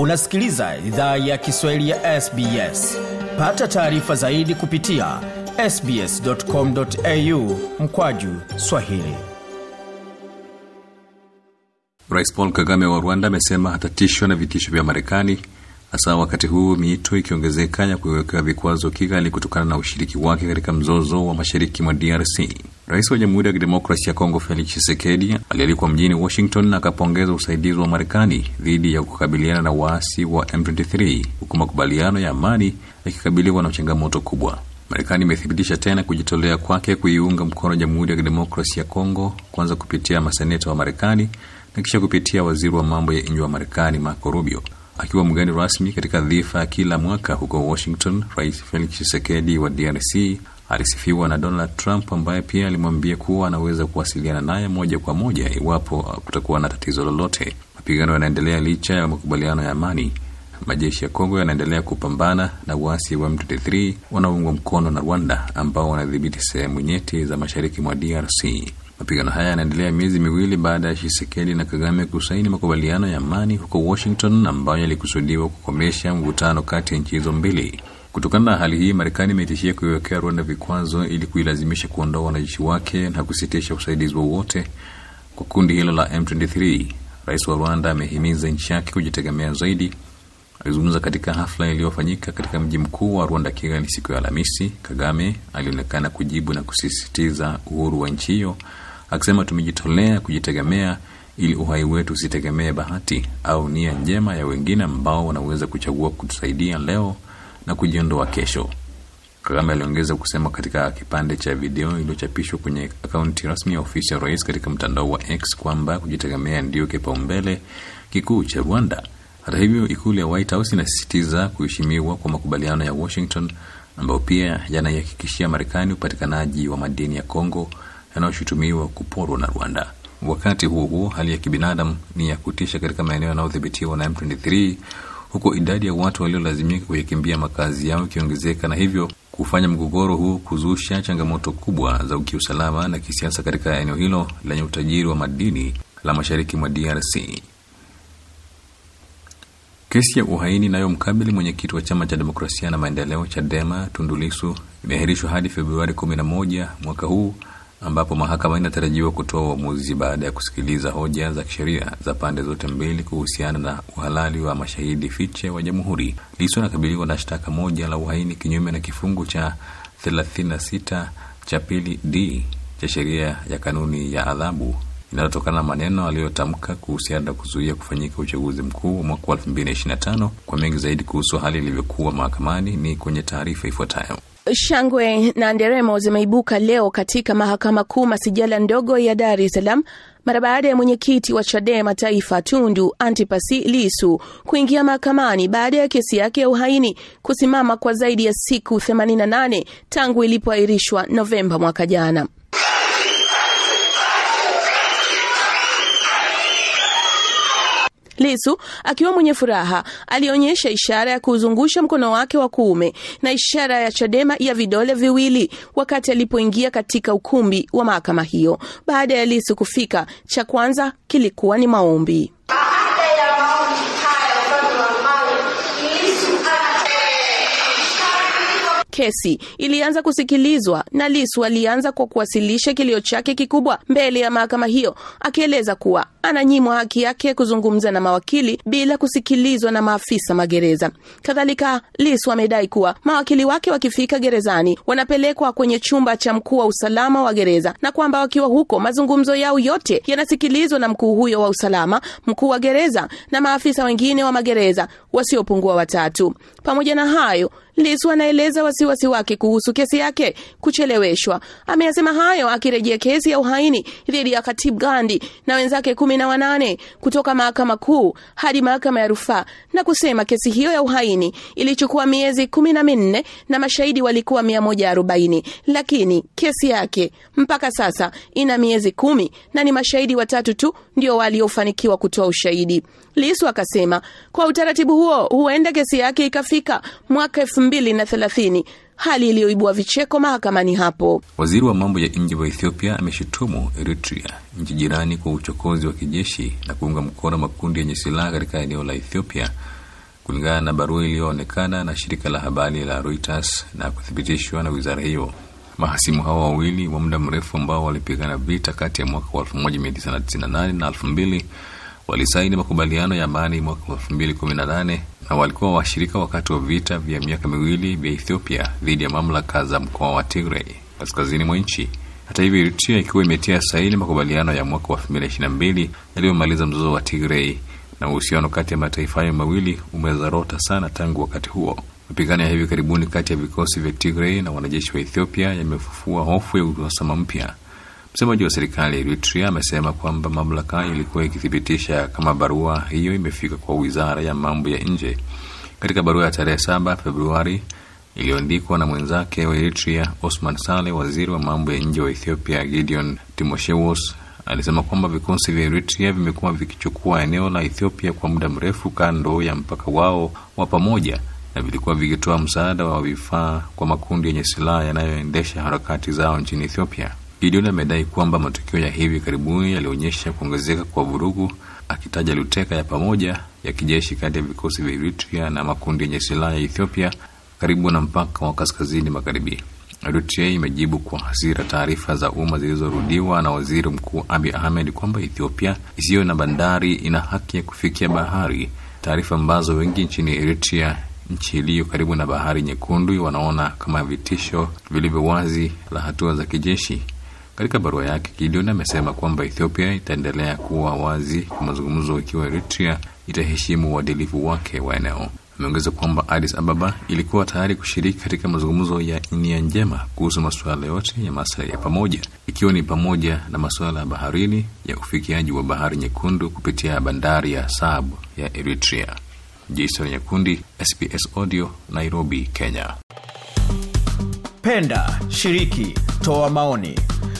unasikiliza idhaa ya kiswahili ya sbs pata taarifa zaidi kupitia sbscomau mkwaju swahili rais paul kagame wa rwanda amesema hatatishwa na vitisho vya marekani hasa wakati huu miito ikiongezeka ya kuiwekewa vikwazo kigali kutokana na ushiriki wake katika mzozo wa mashariki mwa drc Rais wa Jamhuri ya Kidemokrasi ya Kongo Felix chisekedi alialikwa mjini Washington na akapongeza usaidizi wa Marekani dhidi ya kukabiliana na waasi wa M23 huku makubaliano ya amani yakikabiliwa na changamoto kubwa. Marekani imethibitisha tena kujitolea kwake kuiunga mkono Jamhuri ya Kidemokrasi ya Kongo, kwanza kupitia maseneta wa Marekani na kisha kupitia waziri wa mambo ya nje wa Marekani Marco Rubio. Akiwa mgeni rasmi katika dhifa ya kila mwaka huko Washington, Rais Felix chisekedi wa DRC alisifiwa na Donald Trump ambaye pia alimwambia kuwa anaweza kuwasiliana naye moja kwa moja iwapo kutakuwa na tatizo lolote. Mapigano yanaendelea licha ya makubaliano ya amani. Majeshi ya Kongo yanaendelea kupambana na waasi wa M23 wanaoungwa mkono na Rwanda ambao wanadhibiti sehemu nyeti za mashariki mwa DRC. Mapigano haya yanaendelea miezi miwili baada ya Tshisekedi na Kagame kusaini makubaliano ya amani huko Washington ambayo yalikusudiwa kukomesha mvutano kati ya nchi hizo mbili. Kutokana na hali hii, Marekani imetishia kuiwekea Rwanda vikwazo ili kuilazimisha kuondoa wanajeshi wake na kusitisha usaidizi wowote kwa kundi hilo la M23. Rais wa Rwanda amehimiza nchi yake kujitegemea zaidi. Alizungumza katika hafla iliyofanyika katika mji mkuu wa Rwanda, Kigali, siku ya Alhamisi. Kagame alionekana kujibu na kusisitiza uhuru wa nchi hiyo, akisema tumejitolea kujitegemea ili uhai wetu usitegemee bahati au nia njema ya wengine ambao wanaweza kuchagua kutusaidia leo na kujiondoa kesho. Kagame aliongeza kusema katika kipande cha video iliyochapishwa kwenye akaunti rasmi ya ofisi ya rais katika mtandao wa X kwamba kujitegemea ndiyo kipaumbele kikuu cha Rwanda. Hata hivyo, ikulu ya White House inasisitiza kuheshimiwa kwa makubaliano ya Washington ambayo pia yanaihakikishia Marekani upatikanaji wa madini ya Kongo yanayoshutumiwa kuporwa na Rwanda. Wakati huo huo, hali ya kibinadamu ni ya kutisha katika maeneo yanayodhibitiwa na M23 huku idadi ya watu waliolazimika kuyakimbia makazi yao ikiongezeka na hivyo kufanya mgogoro huu kuzusha changamoto kubwa za kiusalama na kisiasa katika eneo hilo lenye utajiri wa madini la mashariki mwa DRC. Kesi ya uhaini inayomkabili mwenyekiti wa chama cha demokrasia na maendeleo CHADEMA Tundulisu imeahirishwa hadi Februari 11 mwaka huu ambapo mahakama inatarajiwa kutoa uamuzi baada ya kusikiliza hoja za kisheria za pande zote mbili kuhusiana na uhalali wa mashahidi fiche wa jamhuri. Lissu anakabiliwa na shtaka moja la uhaini kinyume na kifungu cha 36 cha pili d cha sheria ya kanuni ya adhabu linalotokana na maneno aliyotamka kuhusiana na kuzuia kufanyika uchaguzi mkuu wa mwaka wa 2025. Kwa mengi zaidi kuhusu hali ilivyokuwa mahakamani ni kwenye taarifa ifuatayo. Shangwe na nderemo zimeibuka leo katika mahakama kuu masijala ndogo ya Dar es Salaam mara baada ya mwenyekiti wa Chadema Taifa Tundu Antipasi Lisu kuingia mahakamani baada ya kesi yake ya uhaini kusimama kwa zaidi ya siku 88 tangu ilipoahirishwa Novemba mwaka jana. Lisu akiwa mwenye furaha alionyesha ishara ya kuuzungusha mkono wake wa kuume na ishara ya Chadema ya vidole viwili wakati alipoingia katika ukumbi wa mahakama hiyo. Baada ya Lisu kufika, cha kwanza kilikuwa ni maombi. kesi ilianza kusikilizwa na Lisu alianza kwa kuwasilisha kilio chake kikubwa mbele ya mahakama hiyo, akieleza kuwa ananyimwa haki yake kuzungumza na mawakili bila kusikilizwa na maafisa magereza. Kadhalika, Lisu amedai kuwa mawakili wake wakifika gerezani wanapelekwa kwenye chumba cha mkuu wa usalama wa gereza na kwamba wakiwa huko mazungumzo yao yote yanasikilizwa na mkuu huyo wa usalama, mkuu wa gereza na maafisa wengine wa magereza wasiopungua watatu. Pamoja na hayo Lisu anaeleza wasiwasi wake kuhusu kesi yake kucheleweshwa. Ameyasema hayo akirejea kesi ya uhaini dhidi ya Khatib Gandhi na wenzake kumi na wanane kutoka mahakama kuu hadi mahakama ya rufaa na kusema kesi hiyo ya uhaini ilichukua miezi kumi na minne na mashahidi walikuwa mia moja arobaini lakini kesi yake mpaka sasa ina miezi kumi na ni mashahidi watatu tu ndio waliofanikiwa kutoa ushahidi. Lisu akasema kwa utaratibu huo huenda kesi yake ikafika mwaka elfu mbili na thelathini, hali iliyoibua vicheko mahakamani hapo. Waziri wa mambo ya nje wa Ethiopia ameshutumu Eritrea, nchi jirani, kwa uchokozi wa kijeshi na kuunga mkono makundi yenye silaha katika eneo la Ethiopia, kulingana na barua iliyoonekana na shirika la habari la Reuters na kuthibitishwa na wizara hiyo. Mahasimu hawa wawili wa muda mrefu ambao walipigana vita kati ya mwaka wa 1998 na walisaini makubaliano ya amani mwaka kumi na walikuwa washirika wakati wa vita vya miaka miwili vya Ethiopia dhidi ya mamlaka za mkoa wa Tigray kaskazini mwa nchi. Hata hivyo, Eritrea ikiwa imetia saini makubaliano ya mwaka wa mbili yaliyomaliza mzozo wa Tigray, na uhusiano kati ya mataifa hayo mawili umezorota sana tangu wakati huo. Mapigano ya hivi karibuni kati ya vikosi vya Tigray na wanajeshi wa Ethiopia yamefufua hofu ya uhasama mpya Msemaji wa serikali ya Eritrea amesema kwamba mamlaka ilikuwa ikithibitisha kama barua hiyo imefika kwa wizara ya mambo ya nje. Katika barua ya tarehe 7 Februari iliyoandikwa na mwenzake wa Eritrea Osman sale waziri wa mambo ya nje wa Ethiopia Gideon timoshewos alisema kwamba vikosi vya Eritrea vimekuwa vikichukua eneo la Ethiopia kwa muda mrefu kando ya mpaka wao wa pamoja na vilikuwa vikitoa msaada wa vifaa kwa makundi yenye silaha yanayoendesha harakati zao nchini Ethiopia. Gideon amedai kwamba matukio ya hivi karibuni yalionyesha kuongezeka kwa vurugu, akitaja luteka ya pamoja ya kijeshi kati ya vikosi vya Eritrea na makundi yenye silaha ya Ethiopia karibu na mpaka wa kaskazini magharibi. Eritrea imejibu kwa hasira taarifa za umma zilizorudiwa na waziri mkuu abi Ahmed kwamba Ethiopia isiyo na bandari ina haki ya kufikia bahari, taarifa ambazo wengi nchini Eritrea, nchi iliyo karibu na bahari nyekundu, wanaona kama vitisho vilivyo wazi la hatua za kijeshi. Katika barua yake, Gideon amesema kwamba Ethiopia itaendelea kuwa wazi kwa mazungumzo ikiwa Eritrea itaheshimu uadilifu wake wa eneo. Ameongeza kwamba Addis Ababa ilikuwa tayari kushiriki katika mazungumzo ya nia njema kuhusu masuala yote ya maslahi ya pamoja, ikiwa ni pamoja na masuala ya baharini ya ufikiaji wa bahari nyekundu kupitia bandari ya Sab ya Eritrea. Jason Nyakundi, SBS Audio, Nairobi, Kenya. Penda, shiriki, toa maoni.